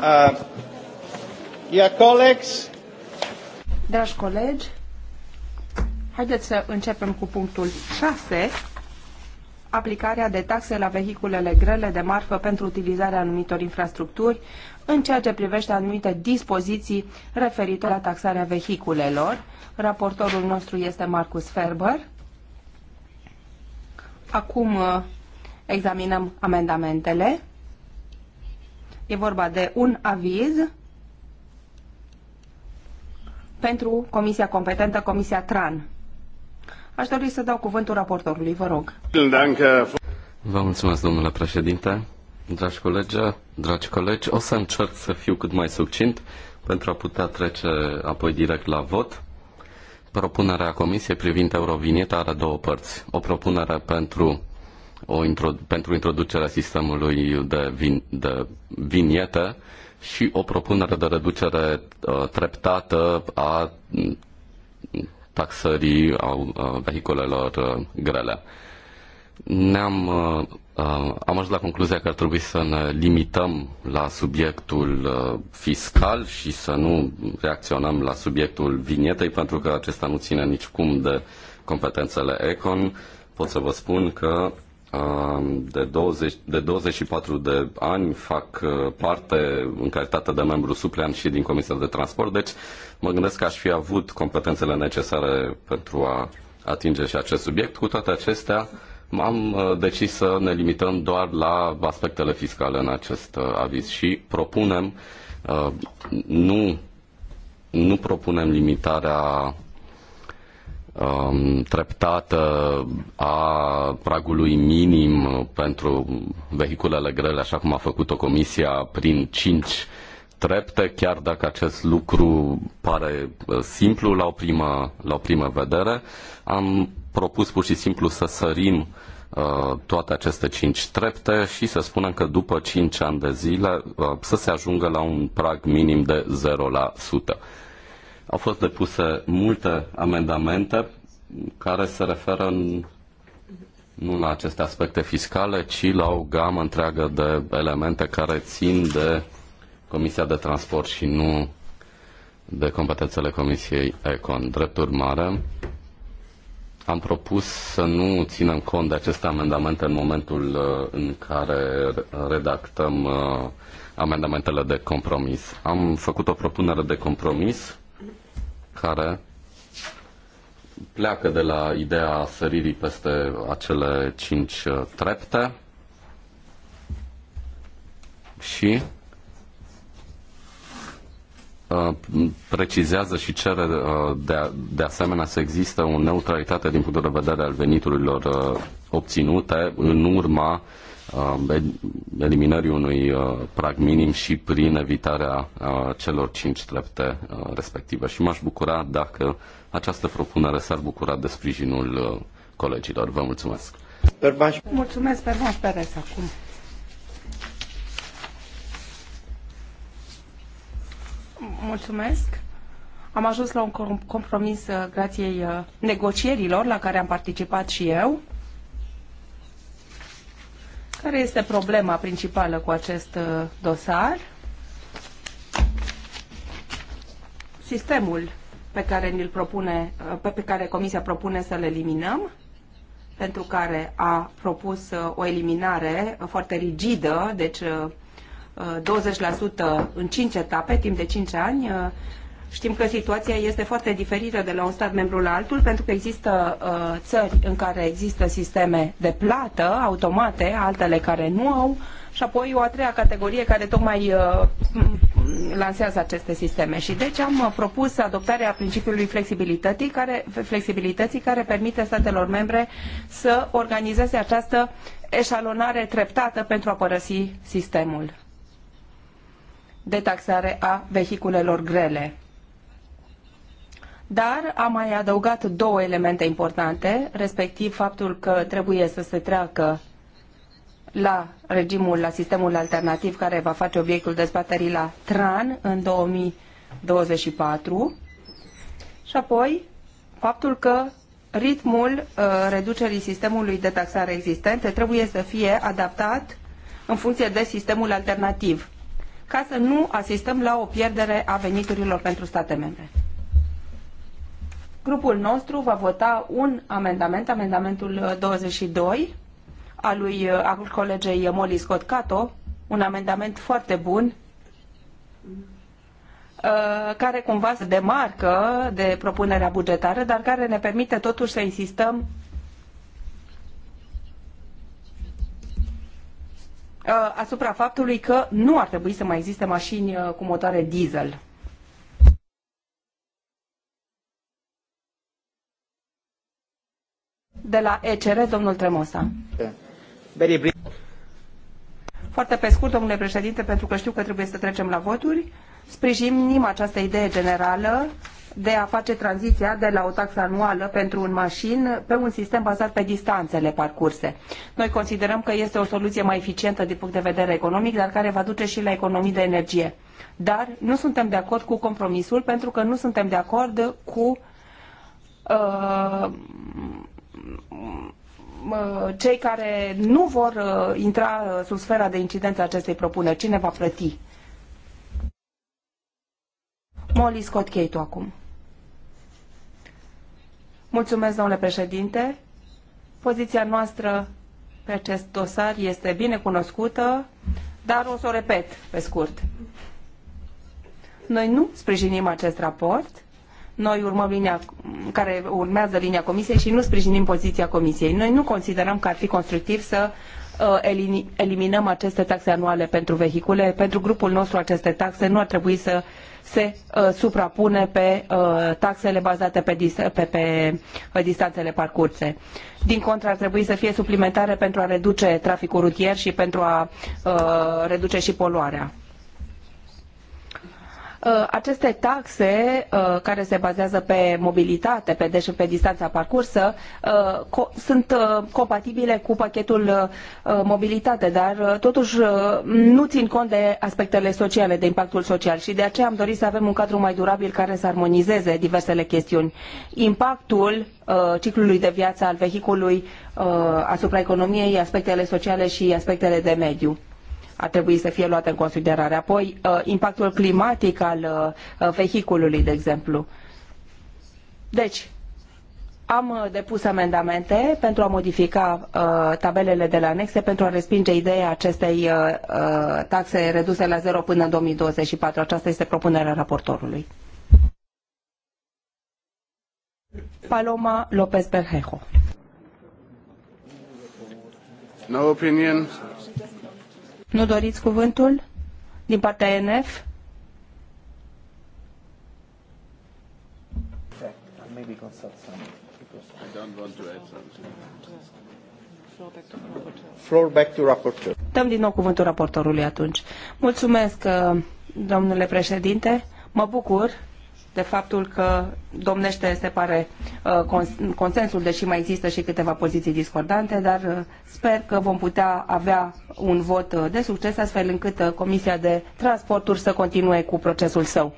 Uh, yeah, colleagues. Dragi colegi, haideți să începem cu punctul 6, aplicarea de taxe la vehiculele grele de marfă pentru utilizarea anumitor infrastructuri în ceea ce privește anumite dispoziții referitoare la taxarea vehiculelor. Raportorul nostru este Marcus Ferber. Acum uh, examinăm amendamentele. E vorba de un aviz pentru comisia competentă, comisia TRAN. Aș dori să dau cuvântul raportorului, vă rog. Vă mulțumesc, domnule președinte. Dragi colegi, dragi colegi, o să încerc să fiu cât mai succint pentru a putea trece apoi direct la vot. Propunerea Comisiei privind Eurovinieta are două părți. O propunere pentru o intro- pentru introducerea sistemului de, vin- de vinietă și o propunere de reducere uh, treptată a taxării a uh, vehiculelor uh, grele. Ne-am uh, uh, am ajuns la concluzia că ar trebui să ne limităm la subiectul uh, fiscal și să nu reacționăm la subiectul vinietei, pentru că acesta nu ține nicicum de competențele Econ. Pot să vă spun că de, 20, de 24 de ani, fac uh, parte în calitate de membru suplean și din Comisia de Transport, deci mă gândesc că aș fi avut competențele necesare pentru a atinge și acest subiect. Cu toate acestea, am uh, decis să ne limităm doar la aspectele fiscale în acest uh, aviz și propunem, nu, nu propunem limitarea Um, treptată a pragului minim pentru vehiculele grele, așa cum a făcut-o Comisia prin 5 trepte, chiar dacă acest lucru pare uh, simplu la o primă, la o primă vedere. Am propus pur și simplu să sărim uh, toate aceste cinci trepte și să spunem că după 5 ani de zile uh, să se ajungă la un prag minim de 0%. Au fost depuse multe amendamente care se referă în, nu la aceste aspecte fiscale, ci la o gamă întreagă de elemente care țin de Comisia de Transport și nu de competențele Comisiei Econ. Drept urmare, am propus să nu ținem cont de aceste amendamente în momentul uh, în care redactăm uh, amendamentele de compromis. Am făcut o propunere de compromis care pleacă de la ideea săririi peste acele cinci uh, trepte și uh, precizează și cere uh, de, de asemenea să există o neutralitate din punct de vedere al veniturilor obținute în urma uh, Uh, eliminării unui uh, prag minim și prin evitarea uh, celor cinci trepte respective. Și m-aș bucura dacă această propunere s-ar bucura de sprijinul colegilor. Vă mulțumesc! Pervaș. Mulțumesc, Pervaș Perez, acum. Mulțumesc. Am ajuns la un compromis grației negocierilor la care am participat și eu. Care este problema principală cu acest uh, dosar? Sistemul pe care, ni propune, uh, pe care Comisia propune să-l eliminăm, pentru care a propus uh, o eliminare foarte rigidă, deci 20% în 5 etape, timp de 5 ani, Știm că situația este foarte diferită de la un stat membru la altul, pentru că există uh, țări în care există sisteme de plată automate, altele care nu au, și apoi o a treia categorie care tocmai uh, lansează aceste sisteme. Și deci am uh, propus adoptarea principiului flexibilității care, flexibilității care permite statelor membre să organizeze această eșalonare treptată pentru a părăsi sistemul de taxare a vehiculelor grele dar am mai adăugat două elemente importante, respectiv faptul că trebuie să se treacă la regimul, la sistemul alternativ care va face obiectul dezbaterii la TRAN în 2024 și apoi faptul că ritmul uh, reducerii sistemului de taxare existente trebuie să fie adaptat în funcție de sistemul alternativ, ca să nu asistăm la o pierdere a veniturilor pentru state membre. Grupul nostru va vota un amendament, amendamentul 22, uh, a lui uh, a colegei Molly Scott Cato, un amendament foarte bun, uh, care cumva se demarcă de propunerea bugetară, dar care ne permite totuși să insistăm asupra faptului că nu ar trebui să mai existe mașini cu motoare diesel. de la ECR, domnul Tremosa. Foarte pe scurt, domnule președinte, pentru că știu că trebuie să trecem la voturi, sprijinim această idee generală de a face tranziția de la o taxă anuală pentru un mașin pe un sistem bazat pe distanțele parcurse. Noi considerăm că este o soluție mai eficientă din punct de vedere economic, dar care va duce și la economii de energie. Dar nu suntem de acord cu compromisul pentru că nu suntem de acord cu uh, cei care nu vor uh, intra uh, sub sfera de incidență acestei propuneri? Cine va plăti? Molly Scott Cato acum. Mulțumesc, domnule președinte. Poziția noastră pe acest dosar este bine cunoscută, dar o să o repet pe scurt. Noi nu sprijinim acest raport noi urmăm linia care urmează linia Comisiei și nu sprijinim poziția Comisiei. Noi nu considerăm că ar fi constructiv să uh, eliminăm aceste taxe anuale pentru vehicule. Pentru grupul nostru aceste taxe nu ar trebui să se uh, suprapune pe uh, taxele bazate pe, dis pe, pe, distanțele parcurse. Din contră, ar trebui să fie suplimentare pentru a reduce traficul rutier și pentru a uh, reduce și poluarea. Uh, aceste taxe uh, care se bazează pe mobilitate, pe, deci pe distanța parcursă, uh, sunt compatibile cu pachetul mobilitate, dar totuși nu țin cont de aspectele sociale, de impactul social și de aceea am dorit să avem un cadru mai durabil care să armonizeze diversele chestiuni. Impactul ciclului de viață al vehiculului asupra economiei, aspectele sociale și aspectele de mediu ar trebui să fie luate în considerare. Apoi, uh, impactul climatic al uh, uh, vehiculului, de exemplu. Deci, am depus amendamente pentru a modifica uh, tabelele de la anexe pentru a respinge ideea acestei uh, taxe reduse la zero până în 2024. Aceasta este propunerea raportorului. Paloma López Bermejo. No opinion. Nu doriți cuvântul din partea ENF? Floor back to rapporteur. Dăm din nou cuvântul raportorului atunci. Mulțumesc, uh, domnule președinte. Mă bucur de faptul că domnește, se pare, uh, consensul, deși mai există și câteva poziții discordante, dar uh, sper că vom putea avea un vot uh, de succes, astfel încât Comisia de Transporturi să continue cu procesul său.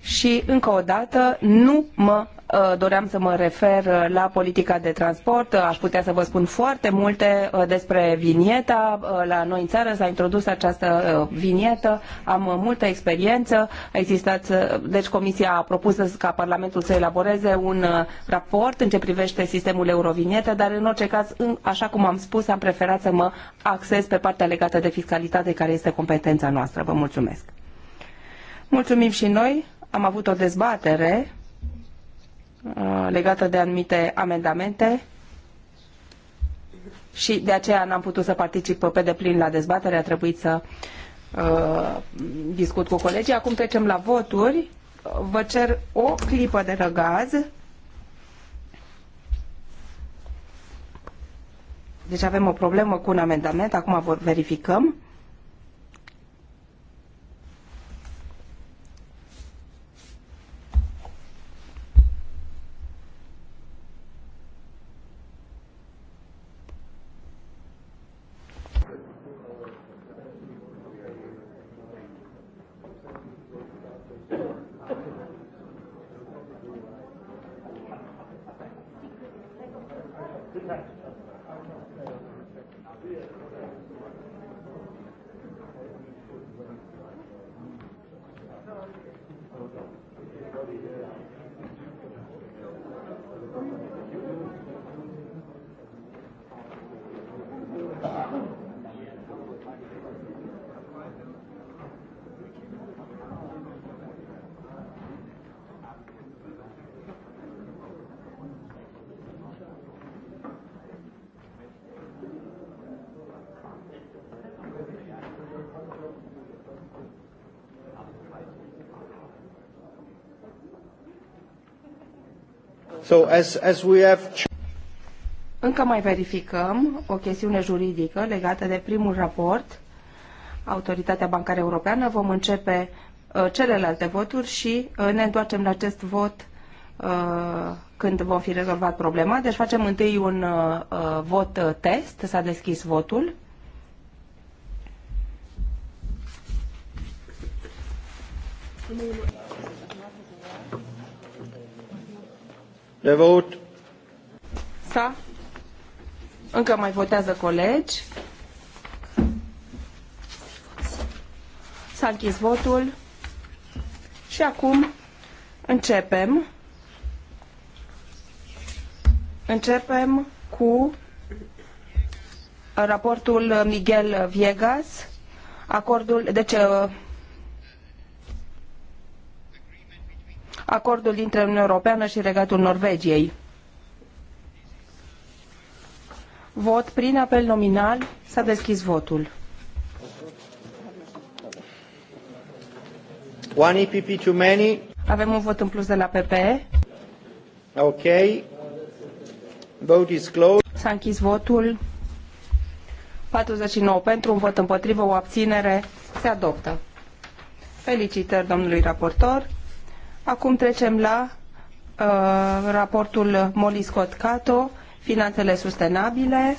Și, încă o dată, nu mă Uh, doream să mă refer uh, la politica de transport. Uh, aș putea să vă spun foarte multe despre vinieta. La noi în țară s-a introdus această vinietă. Am multă experiență. A existat, deci Comisia a propus ca Parlamentul să elaboreze un raport în ce privește sistemul eurovinietă, dar în orice caz, așa cum am spus, am preferat să mă axez pe partea legată de fiscalitate care este competența noastră. Vă mulțumesc. Mulțumim și noi. Am avut o dezbatere Uh, legată de anumite amendamente și de aceea n-am putut să particip pe deplin la dezbatere, a trebuit să uh, discut cu colegii. Acum trecem la voturi. Vă cer o clipă de răgaz. Deci avem o problemă cu un amendament, acum verificăm. So as, as we have... Încă mai verificăm o chestiune juridică legată de primul raport, Autoritatea Bancară Europeană. Vom începe uh, celelalte voturi și uh, ne întoarcem la acest vot uh, când vom fi rezolvat problema. Deci facem întâi un uh, uh, vot uh, test. S-a deschis votul. The vot. Sa. Încă mai votează colegi. S-a închis votul. Și acum începem. Începem cu raportul Miguel Viegas, acordul, deci acordul dintre Uniunea Europeană și Regatul Norvegiei. Vot prin apel nominal. S-a deschis votul. One EPP too many. Avem un vot în plus de la PPE. Ok. Vote is closed. S-a închis votul. 49 pentru, un vot împotrivă, o abținere. Se adoptă. Felicitări domnului raportor. Acum trecem la uh, raportul Molly Scott Cato, finanțele sustenabile,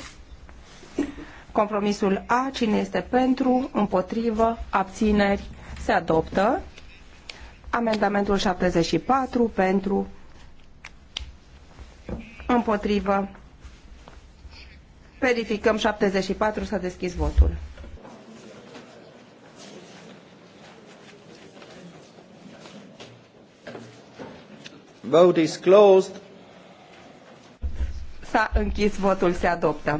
compromisul A, cine este pentru, împotrivă, abțineri, se adoptă. Amendamentul 74 pentru, împotrivă, verificăm 74, s-a deschis votul. Vote is closed. S-a închis votul, se adoptă.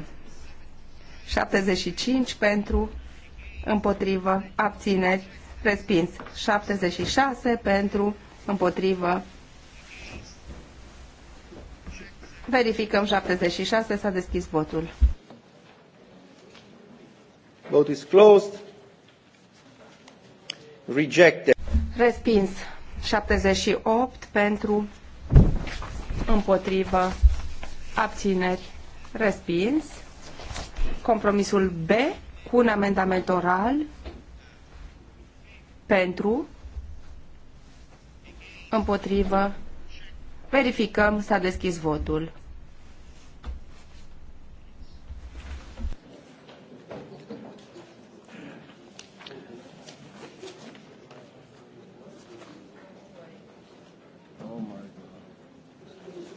75 pentru, împotrivă, abțineri, respins. 76 pentru, împotrivă. Verificăm 76, s-a deschis votul. Vote is closed. Rejected. Respins. 78 pentru, împotrivă, abțineri, respins. Compromisul B cu un amendament oral pentru, împotrivă, verificăm, s-a deschis votul.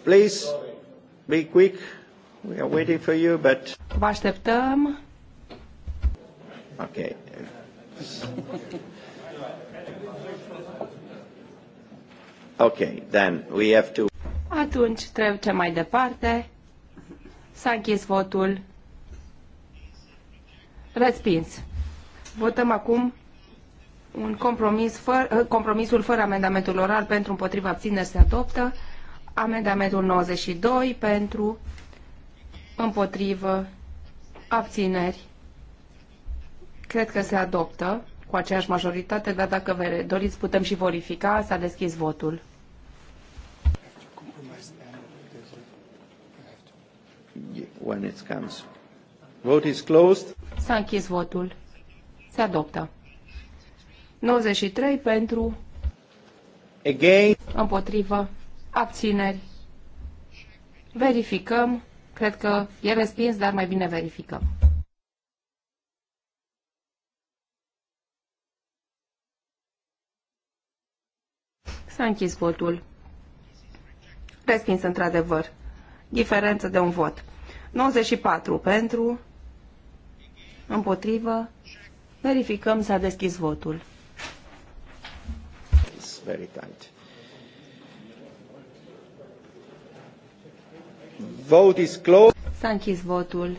Please, be quick. We are waiting for you, but... Vă așteptăm. Ok. ok, then we have to... Atunci trecem mai departe. S-a închis votul. Respins. Votăm acum un compromis fără, compromisul fără amendamentul oral pentru împotriva abțineri se adoptă. Amendamentul 92 pentru, împotrivă, abțineri. Cred că se adoptă cu aceeași majoritate, dar dacă vă doriți putem și verifica, s-a deschis votul. When it comes. Vote is closed. S-a închis votul. Se adoptă. 93 pentru. Again. Împotrivă. Abțineri. Verificăm. Cred că e respins, dar mai bine verificăm. S-a închis votul. Respins într-adevăr. Diferență de un vot. 94 pentru, împotrivă, verificăm s-a deschis votul. It's very tight. Vote is closed. S-a închis votul.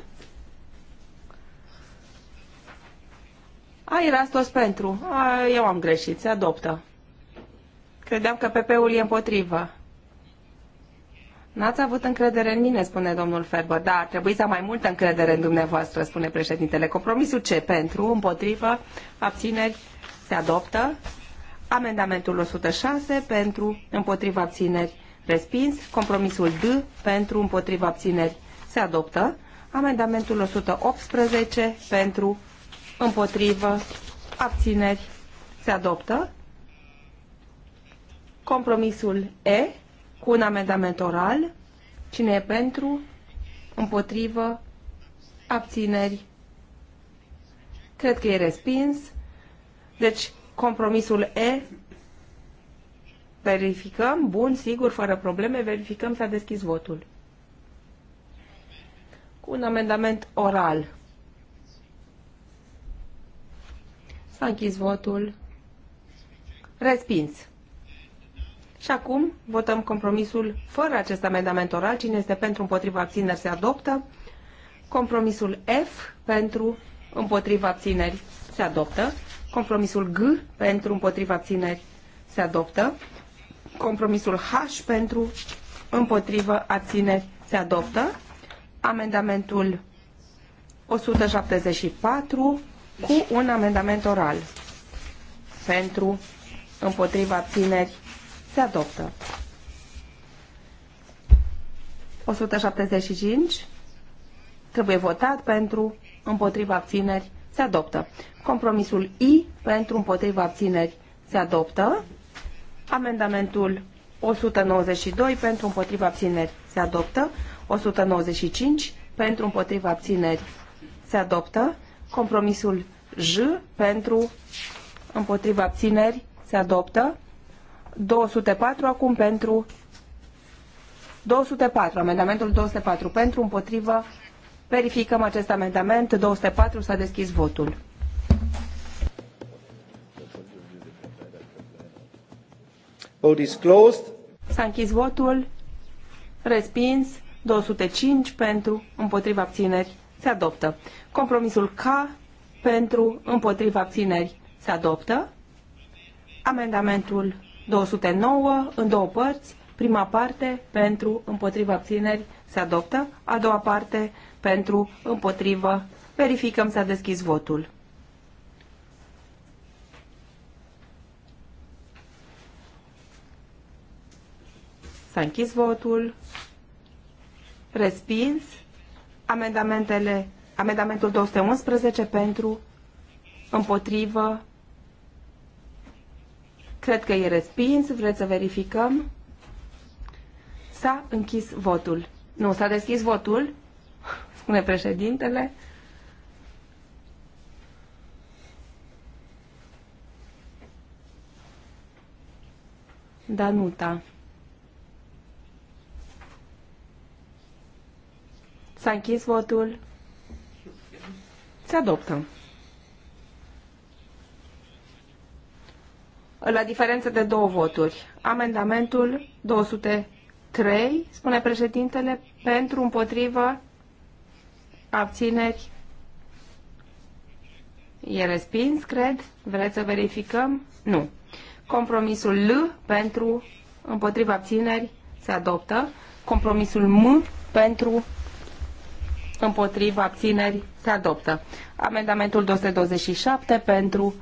A, era toți pentru. A, eu am greșit. Se adoptă. Credeam că PP-ul e împotrivă. N-ați avut încredere în mine, spune domnul Ferber. Da, ar trebui să am mai multă încredere în dumneavoastră, spune președintele. Compromisul ce? Pentru, împotrivă, abțineri, se adoptă. Amendamentul 106, pentru, împotrivă, abțineri, respins. Compromisul D pentru împotriva abțineri se adoptă. Amendamentul 118 pentru împotrivă abțineri se adoptă. Compromisul E cu un amendament oral. Cine e pentru? Împotrivă? Abțineri? Cred că e respins. Deci, compromisul E Verificăm, bun, sigur, fără probleme, verificăm, s-a deschis votul. Cu un amendament oral. S-a închis votul. Respins. Și acum votăm compromisul fără acest amendament oral. Cine este pentru, împotriva, abțineri, se adoptă. Compromisul F pentru, împotriva, abțineri, se adoptă. Compromisul G pentru, împotriva, abțineri, se adoptă. Compromisul H pentru împotrivă abțineri se adoptă. Amendamentul 174 cu un amendament oral pentru împotriva abțineri se adoptă. 175 trebuie votat pentru împotriva abțineri se adoptă. Compromisul I pentru împotriva abțineri se adoptă. Amendamentul 192 pentru împotriva abțineri se adoptă. 195 pentru împotriva abțineri se adoptă. Compromisul J pentru împotriva abțineri se adoptă. 204 acum pentru 204, amendamentul 204 pentru împotriva Verificăm acest amendament. 204 s-a deschis votul. Vote is closed. S-a închis votul. Respins. 205 pentru, împotriva abțineri. Se adoptă. Compromisul K pentru, împotriva abțineri. Se adoptă. Amendamentul 209 în două părți. Prima parte pentru, împotriva abțineri. Se adoptă. A doua parte pentru, împotrivă. Verificăm s-a deschis votul. S-a închis votul. Respins. Amendamentele, amendamentul 211 pentru, împotrivă. Cred că e respins. Vreți să verificăm? S-a închis votul. Nu, s-a deschis votul, spune președintele. Danuta. Da. S-a închis votul. Se adoptă. La diferență de două voturi. Amendamentul 203, spune președintele, pentru, împotrivă, abțineri. E respins, cred. Vreți să verificăm? Nu. Compromisul L pentru împotriva abțineri se adoptă. Compromisul M pentru Împotriva abțineri, se adoptă. Amendamentul 227 pentru,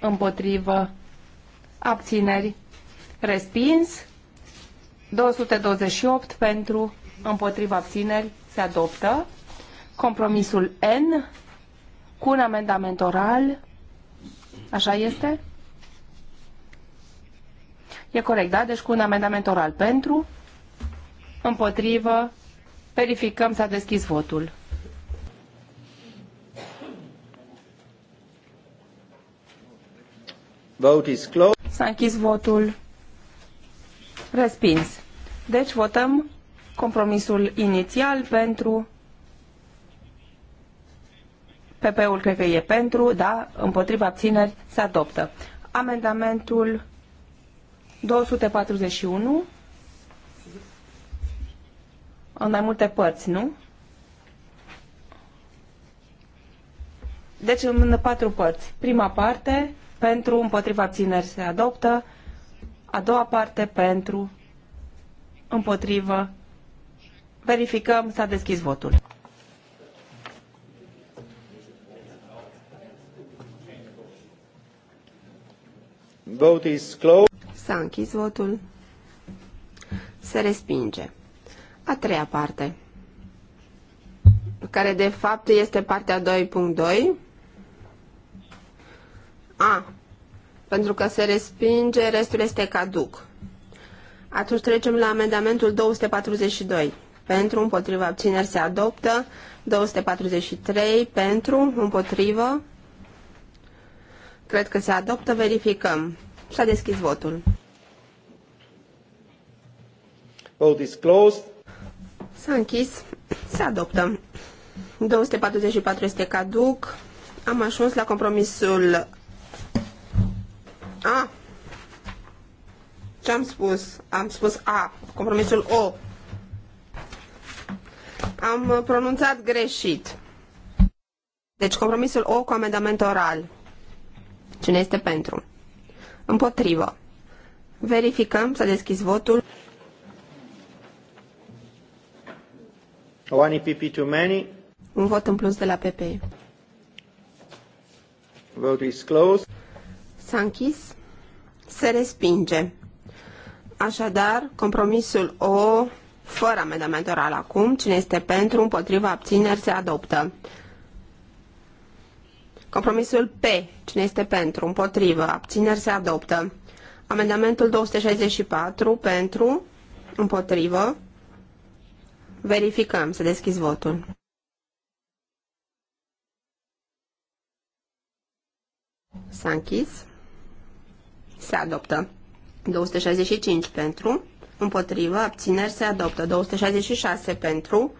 împotrivă, abțineri, respins. 228 pentru, împotriva abțineri, se adoptă. Compromisul N cu un amendament oral, așa este? E corect, da? Deci cu un amendament oral pentru, împotrivă, Verificăm, s-a deschis votul. Vote is closed. S-a închis votul. Respins. Deci votăm compromisul inițial pentru PP-ul cred că e pentru, da, împotriva abțineri se adoptă. Amendamentul 241 în mai multe părți, nu? Deci în patru părți. Prima parte, pentru, împotriva abțineri se adoptă. A doua parte, pentru, împotrivă. Verificăm, s-a deschis votul. Vote is closed. S-a închis votul. Se respinge. A treia parte, care de fapt este partea 2.2. A, pentru că se respinge, restul este caduc. Atunci trecem la amendamentul 242. Pentru, împotriva, abțineri se adoptă. 243 pentru, împotrivă. Cred că se adoptă, verificăm. S-a deschis votul. Vote is closed. S-a închis. Se adoptă. 244 este caduc. Am ajuns la compromisul A. Ce am spus? Am spus A. Compromisul O. Am pronunțat greșit. Deci compromisul O cu amendament oral. Cine este pentru? Împotrivă. Verificăm, s-a deschis votul. One EPP too many. Un vot în plus de la PP. Vote is closed. S-a închis. Se respinge. Așadar, compromisul O, fără amendament oral acum, cine este pentru, împotriva, abțineri, se adoptă. Compromisul P, cine este pentru, împotrivă, abțineri, se adoptă. Amendamentul 264, pentru, împotrivă, Verificăm, să deschizi votul. S-a închis. Se adoptă. 265 pentru, împotrivă, abțineri se adoptă. 266 pentru,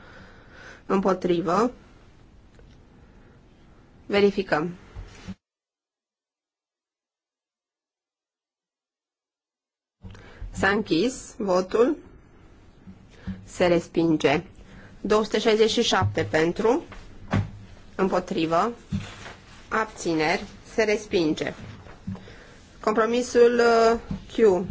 împotrivă. Verificăm. S-a închis votul se respinge. 267 pentru, împotrivă, abțineri, se respinge. Compromisul uh, Q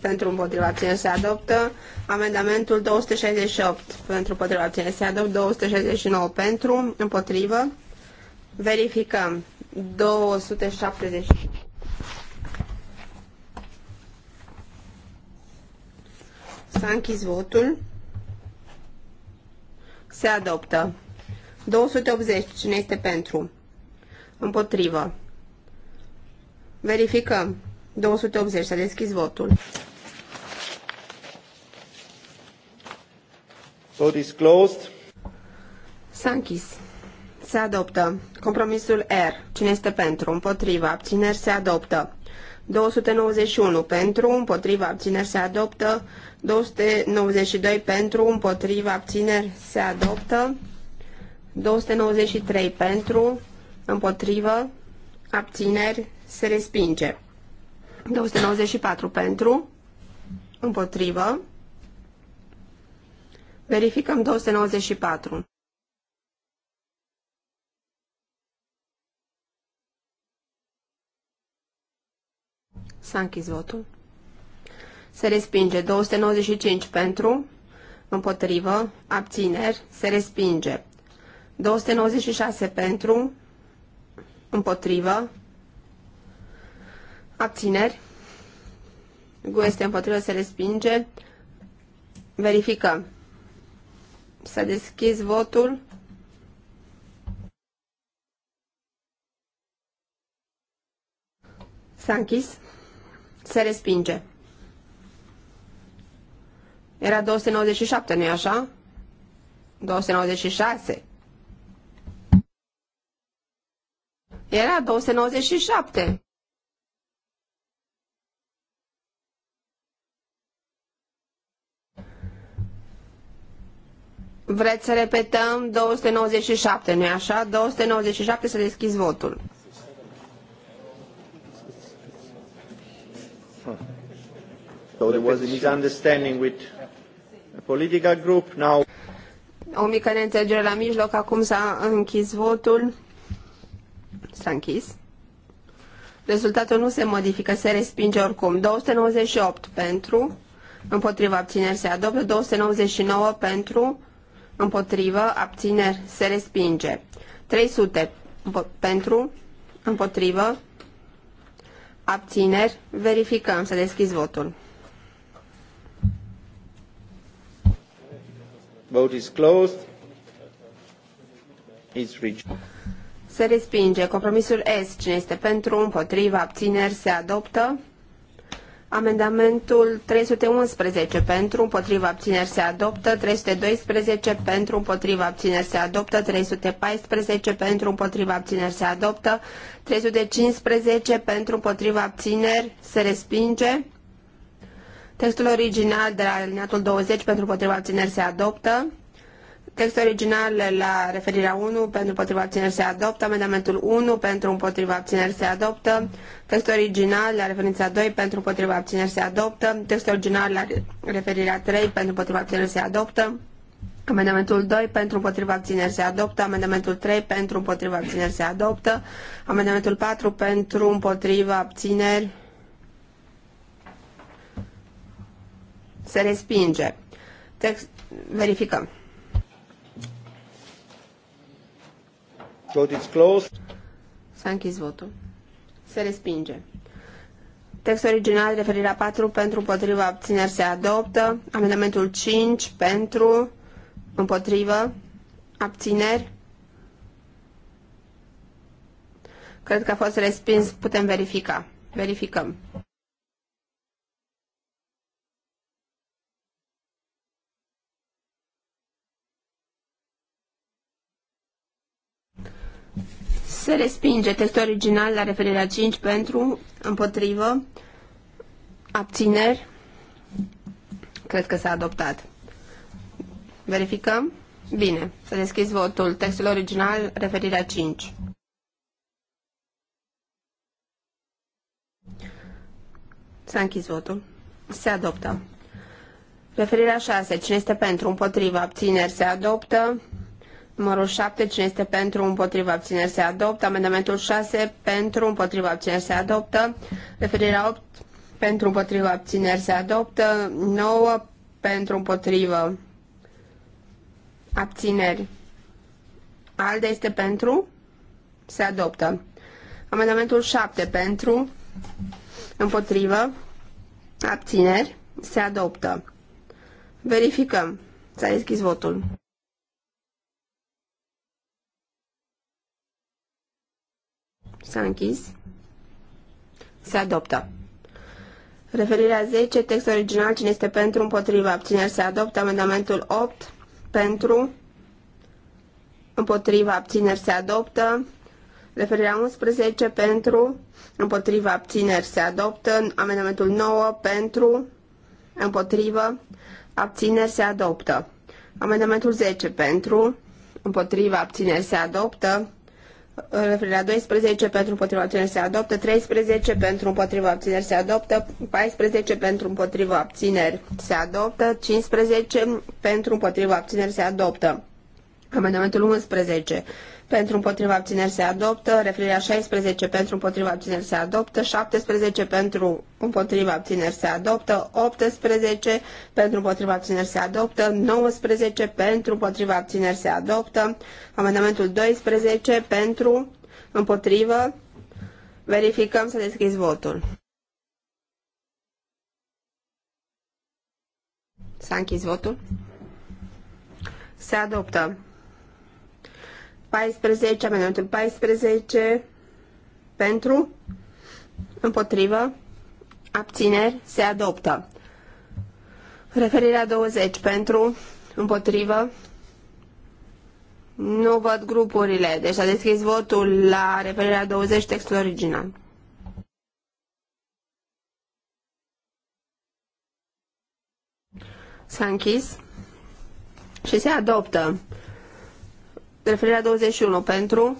pentru împotriva abțineri se adoptă, amendamentul 268 pentru împotriva abțineri se adoptă, 269 pentru, împotrivă, verificăm, 270 S-a închis votul. Se adoptă. 280. Cine este pentru? Împotrivă. Verificăm. 280. S-a deschis votul. Vote is closed. S-a închis. Se adoptă. Compromisul R. Cine este pentru? Împotrivă. Abțineri. Se adoptă. 291 pentru, împotriva abțineri se adoptă, 292 pentru, împotriva abțineri se adoptă, 293 pentru, împotrivă, abțineri se respinge, 294 pentru, împotrivă, verificăm 294. S-a închis votul. Se respinge 295 pentru, împotrivă, abțineri, se respinge. 296 pentru, împotrivă, abțineri, GU este împotrivă, se respinge. Verificăm. S-a deschis votul. S-a închis. Se respinge. Era 297, nu-i așa? 296. Era 297. Vreți să repetăm 297, nu-i așa? 297 să deschizi votul. So there was a misunderstanding with a political group. Now o mică neînțelegere la mijloc, acum s-a închis votul. S-a închis. Rezultatul nu se modifică, se respinge oricum. 298 pentru, împotriva abțineri se adoptă, 299 pentru, împotriva abțineri se respinge. 300 pentru, împotriva abțineri, verificăm să deschizi votul. Vote is closed. It's rejected. Se respinge. Compromisul S. Cine este pentru, împotriva, abțineri, se adoptă. Amendamentul 311 pentru, împotriva abțineri se adoptă, 312 pentru, împotriva abțineri se adoptă, 314 pentru, împotriva abțineri se adoptă, 315 pentru, împotriva abțineri se respinge, Textul original de la alineatul 20 pentru potriva abțineri se adoptă. Textul original la referirea 1 pentru potriva abțineri se adoptă. Amendamentul 1 pentru împotriva abțineri se adoptă. Textul original la referința 2 pentru potriva abțineri se adoptă. Textul original la referirea 3 pentru potriva abțineri se adoptă. Amendamentul 2 pentru împotriva abțineri se adoptă, amendamentul 3 pentru împotriva abțineri se adoptă, amendamentul 4 pentru împotriva abțineri Se respinge. Text, verificăm. Vote is closed. S-a închis votul. Se respinge. Text original, referirea 4, pentru, împotriva, abțineri, se adoptă. Amendamentul 5, pentru, împotrivă, abțineri. Cred că a fost respins, putem verifica. Verificăm. Se respinge textul original la referirea 5 pentru, împotrivă, abțineri. Cred că s-a adoptat. Verificăm? Bine, să deschizi votul. Textul original, referirea 5. S-a închis votul. Se adoptă. Referirea 6. Cine este pentru? Împotriva. Abțineri. Se adoptă. Numărul 7, cine este pentru, împotriva, abțineri se adoptă. Amendamentul 6, pentru, împotriva, abțineri se adoptă. Referirea 8, pentru, împotriva, abțineri se adoptă. 9, pentru, împotriva, abțineri. Alde este pentru, se adoptă. Amendamentul 7, pentru, împotriva, abțineri, se adoptă. Verificăm. S-a deschis votul. S-a închis. Se adoptă. Referirea 10, text original, cine este pentru, împotriva, abțineri, se adoptă. Amendamentul 8, pentru, împotriva, abțineri, se adoptă. Referirea 11, pentru, împotriva, abțineri, se adoptă. Amendamentul 9, pentru, împotriva abțineri, se adoptă. Amendamentul 10, pentru, împotriva, abțineri, se adoptă referirea 12 pentru împotriva abțineri se adoptă, 13 pentru împotriva abțineri se adoptă, 14 pentru împotriva abțineri se adoptă, 15 pentru împotriva abțineri se adoptă. Amendamentul 11 pentru împotriva abțineri se adoptă, referirea 16 pentru împotriva abțineri se adoptă, 17 pentru împotriva abțineri se adoptă, 18 pentru împotriva abțineri se adoptă, 19 pentru împotriva abțineri se adoptă, amendamentul 12 pentru împotrivă, verificăm să deschizi votul. S-a închis votul. Se adoptă. 14, amendamentul 14 pentru, împotrivă, abțineri, se adoptă. Referirea 20 pentru, împotrivă, nu văd grupurile, deci a deschis votul la referirea 20 textul original. S-a închis și se adoptă. Referirea 21 pentru,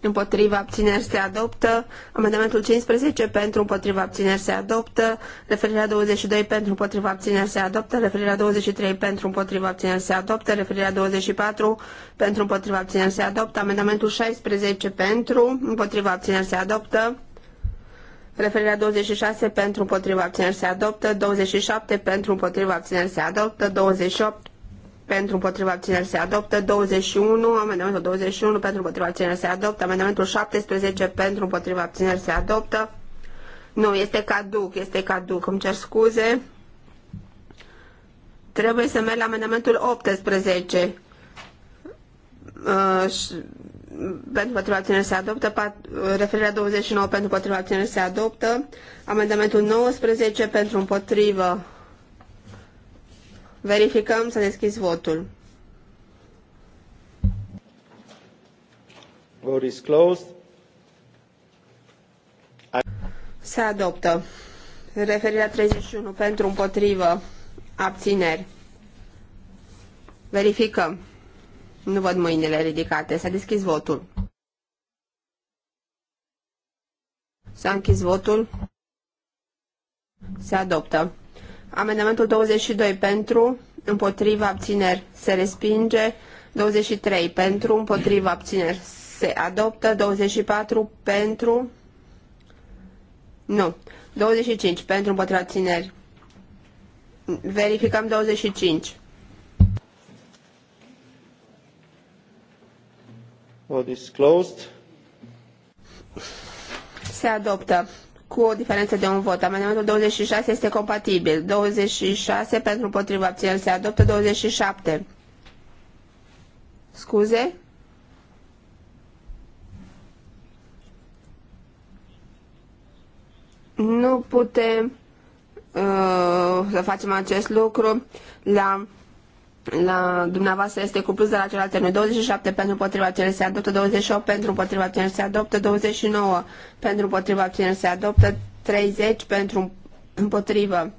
împotriva abțineri se adoptă, amendamentul 15 pentru împotriva abțineri se adoptă, referirea 22 pentru împotriva abțineri se adoptă, referirea 23 pentru împotriva abțineri se adoptă, referirea 24 pentru împotriva abțineri se adoptă, amendamentul 16 pentru împotriva abțineri se adoptă, referirea 26 pentru împotriva abțineri se adoptă, 27 pentru împotriva abțineri se adoptă, 28 pentru împotriva abținerii se adoptă, 21, amendamentul 21 pentru împotriva abținerii se adoptă, amendamentul 17 pentru împotriva abținerii se adoptă. Nu, este caduc, este caduc, îmi cer scuze. Trebuie să merg la amendamentul 18. Uh, pentru împotriva abținerii se adoptă, uh, referirea 29 pentru împotriva abținerii se adoptă, amendamentul 19 pentru împotrivă Verificăm, să deschizi votul. Vote is closed. Se adoptă. Referirea 31 pentru împotrivă. Abțineri. Verificăm. Nu văd mâinile ridicate. S-a deschis votul. S-a închis votul. Se adoptă. Amendamentul 22 pentru, împotriva abțineri se respinge, 23 pentru, împotriva abțineri se adoptă, 24 pentru, nu, 25 pentru, împotriva abțineri. Verificăm 25. Vote is closed. Se adoptă cu o diferență de un vot. Amendamentul 26 este compatibil. 26 pentru împotriva abțineri se adoptă. 27. Scuze? Nu putem uh, să facem acest lucru la la dumneavoastră este cu plus de la celelalte noi. 27 pentru împotriva abținere se adoptă, 28 pentru împotriva abținere se adoptă, 29 pentru împotriva abținere se adoptă, 30 pentru împotrivă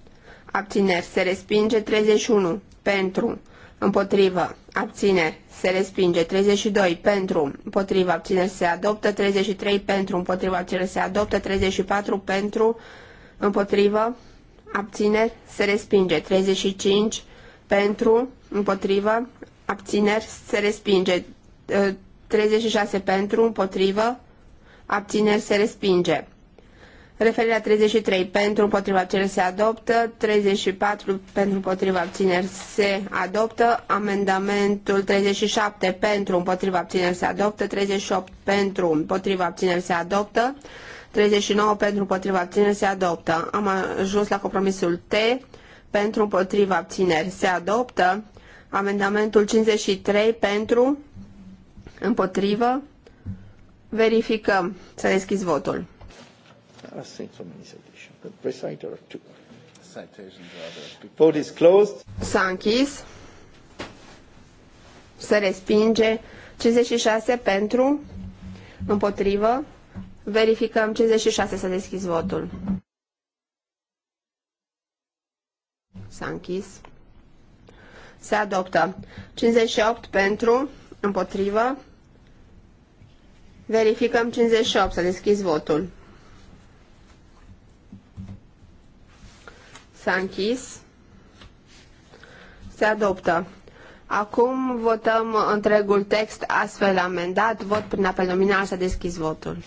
abțineri se respinge, 31 pentru împotrivă abțineri se respinge, 32 pentru împotriva abțineri se adoptă, 33 pentru împotriva abțineri se adoptă, 34 pentru împotrivă abțineri se respinge, 35 pentru împotrivă, abțineri, se respinge. 36 ă, pentru, împotrivă, abțineri, se respinge. Referirea 33 pentru, împotriva cele se adoptă. 34 pentru, împotriva abțineri, se adoptă. Amendamentul 37 pentru, împotriva abțineri, se adoptă. 38 pentru, împotriva abțineri, se adoptă. 39 pentru, împotriva abțineri, se adoptă. Am ajuns la compromisul T pentru împotriva abțineri se adoptă, Amendamentul 53 pentru, împotrivă, verificăm. Să deschizi votul. S-a închis. Se respinge. 56 pentru, împotrivă, verificăm 56 să deschizi votul. S-a închis se adoptă. 58 pentru, împotrivă. Verificăm 58, să deschizi votul. S-a închis. Se adoptă. Acum votăm întregul text astfel amendat. Vot prin apel nominal să deschizi votul.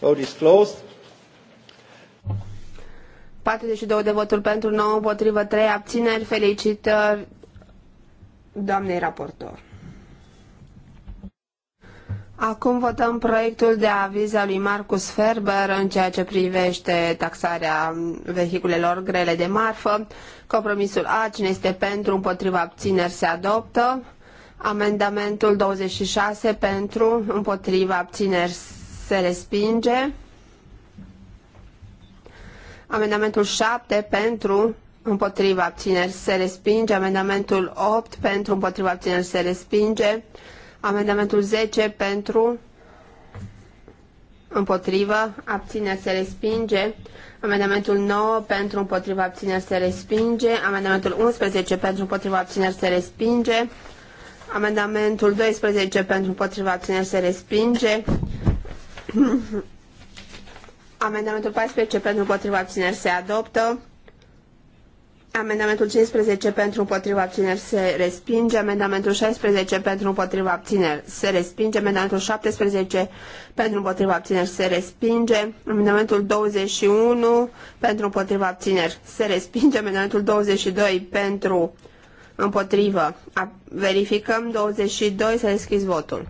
Vote is closed. 42 de voturi pentru, 9 împotrivă, 3 abțineri. Felicitări doamnei raportor. Acum votăm proiectul de aviz al lui Marcus Ferber în ceea ce privește taxarea vehiculelor grele de marfă. Compromisul A, cine este pentru, împotriva abțineri, se adoptă. Amendamentul 26 pentru, împotriva abțineri, se respinge. Amendamentul 7 pentru împotriva abțineri se respinge. Amendamentul 8 pentru împotriva abțineri se respinge. Amendamentul 10 pentru împotriva abțineri se respinge. Amendamentul 9 pentru împotriva abțineri se respinge. Amendamentul 11 pentru împotriva abțineri se respinge. Amendamentul 12 pentru împotriva abțineri se respinge. Amendamentul 14 pentru împotriva abțineri se adoptă. Amendamentul 15 pentru împotriva abțineri se respinge. Amendamentul 16 pentru împotriva abțineri se respinge. Amendamentul 17 pentru împotriva abțineri se respinge. Amendamentul 21 pentru împotriva abțineri se respinge. Amendamentul 22 pentru împotrivă. Verificăm 22 să deschizi votul.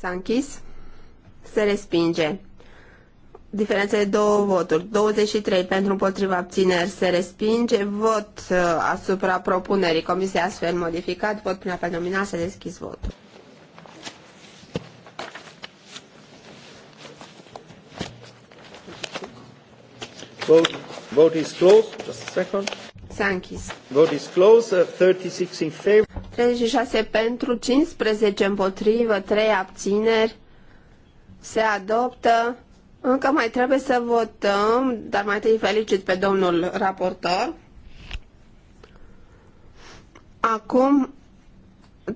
S-a închis. Se respinge. Diferența de două voturi. 23 pentru împotriva abțineri se respinge. Vot uh, asupra propunerii. comisiei astfel modificat. Vot prin apel nominal. se deschis votul. Vote, vote is closed. Just a second. S-a închis. Vote is closed. Uh, 36 in favor. 36 pentru, 15 împotrivă, 3 abțineri. Se adoptă. Încă mai trebuie să votăm, dar mai întâi felicit pe domnul raportor. Acum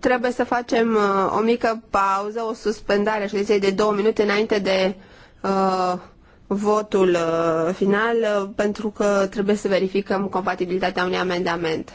trebuie să facem uh, o mică pauză, o suspendare a ședinței de două minute înainte de uh, votul uh, final, uh, pentru că trebuie să verificăm compatibilitatea unui amendament.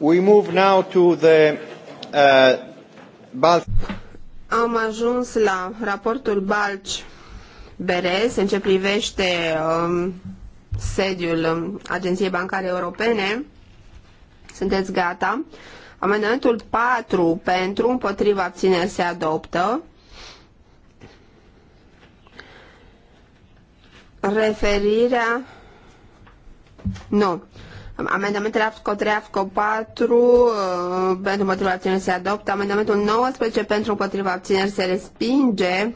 We move now to the uh, Am ajuns la raportul Balci Berez în ce privește um, sediul um, Agenției Bancare Europene. Sunteți gata? Amendamentul 4 pentru, împotriva abțineri se adoptă. Referirea. Nu. Amendamentele AFCO 3, AFCO 4 uh, pentru împotriva abțineri se adoptă. Amendamentul 19 pentru împotriva abțineri se respinge.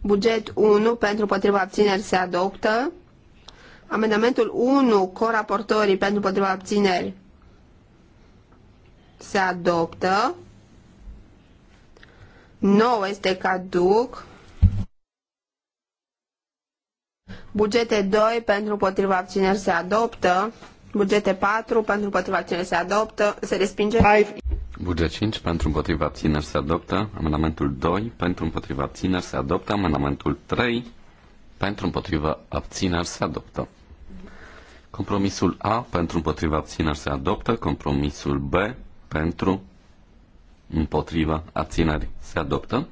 Buget 1 pentru împotriva abțineri se adoptă. Amendamentul 1, coraportorii pentru împotriva abțineri se adoptă. 9 este caduc. Bugete 2 pentru împotriva abțineri se adoptă. Bugete 4 pentru împotriva abțineri se adoptă, se respinge. 5. Buget 5 pentru împotriva abțineri se adoptă, amendamentul 2 pentru împotriva abțineri se adoptă, amendamentul 3 pentru împotriva abțineri se adoptă. Compromisul A pentru împotriva abțineri se adoptă, compromisul B pentru împotriva abținerii se adoptă.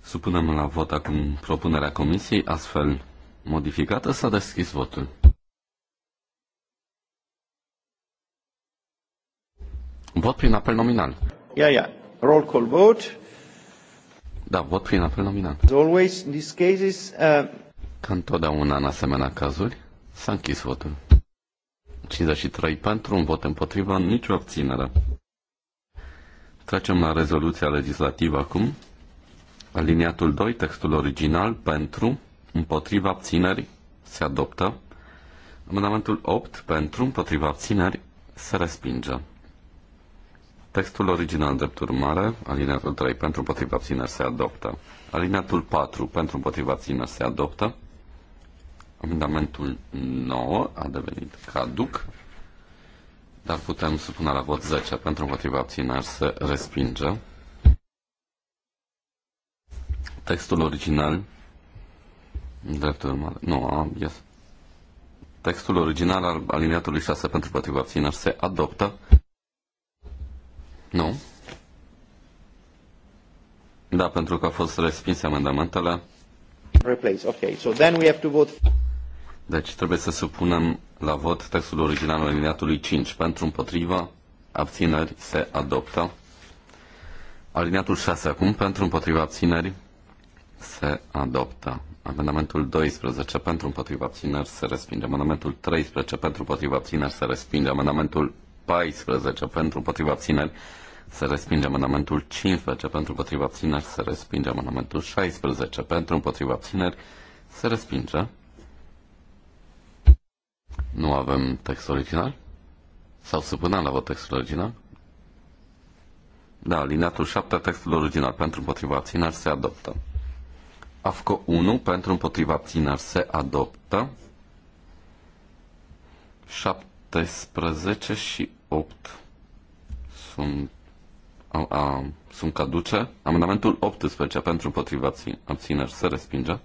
Supunem la vot acum propunerea comisiei, astfel modificată s-a deschis votul. Vot prin apel nominal. Yeah, yeah. Roll call vote. Da, vot prin apel nominal. As always, in these cases, uh... Ca întotdeauna în asemenea cazuri, s-a închis votul. 53 pentru, un vot împotriva, nicio abținere. Trecem la rezoluția legislativă acum. Aliniatul 2, textul original, pentru, împotriva abținerii, se adoptă. Amendamentul 8, pentru, împotriva abținerii, se respinge. Textul original, drept urmare, alineatul 3 pentru împotriva abțineri se adoptă. Alineatul 4 pentru împotriva abțineri se adoptă. Amendamentul 9 a devenit caduc, dar putem supune la vot 10 pentru împotriva abțineri se respinge. Textul original, drept urmare, nu, a, yes. Textul original al alineatului 6 pentru împotriva abțineri se adoptă. Nu. Da, pentru că a fost respinse amendamentele. Replace. Okay. So then we have to vote. Deci trebuie să supunem la vot textul original al alineatului 5. Pentru împotriva, abțineri se adoptă. Alineatul 6 acum, pentru împotriva abțineri se adoptă. Amendamentul 12 pentru împotriva abțineri se respinge. Amendamentul 13 pentru împotriva abțineri se respinge. Amendamentul 14 pentru potriva abțineri se respinge amendamentul 15 pentru potriva abțineri, se respinge amendamentul 16 pentru împotriva abțineri, se respinge. Nu avem text original? Sau supunem la vot textul original? Da, alineatul 7, textul original pentru împotriva abțineri se adoptă. AFCO 1 pentru împotriva abțineri se adoptă. 7 17 și 8 sunt, a, a, sunt caduce. Amendamentul 18 pentru împotriva abțineri se respinge.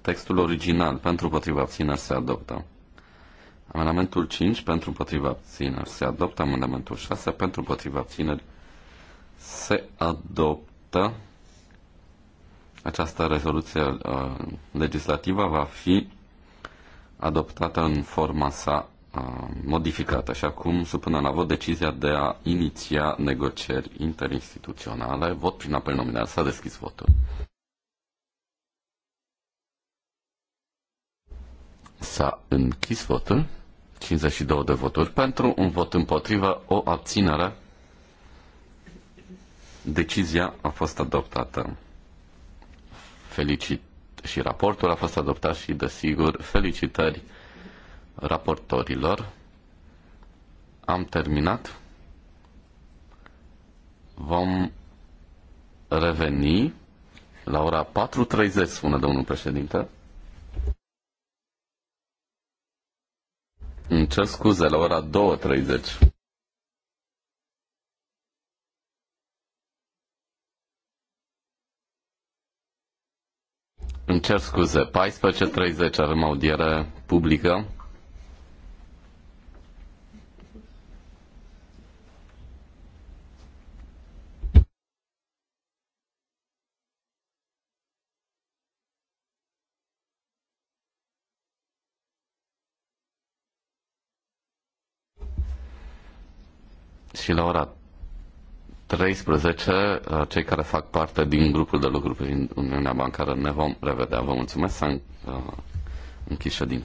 Textul original pentru împotriva abțineri se adoptă. Amendamentul 5 pentru împotriva abțineri se adoptă. Amendamentul 6 pentru împotriva abțineri se adoptă. Această rezoluție uh, legislativă va fi adoptată în forma sa modificată și acum supunem la vot decizia de a iniția negocieri interinstituționale. Vot prin apel nominal. S-a deschis votul. S-a închis votul. 52 de voturi pentru, un vot împotrivă, o abținere. Decizia a fost adoptată. Felicit și raportul a fost adoptat și, desigur, felicitări raportorilor. Am terminat. Vom reveni la ora 4.30, spune domnul președinte. Îmi cer scuze, la ora 2.30. Îmi cer scuze, 14.30 avem audiere publică. și la ora 13, uh, cei care fac parte din grupul de lucru privind Uniunea Bancară ne vom revedea. Vă mulțumesc, să uh, închis ședința.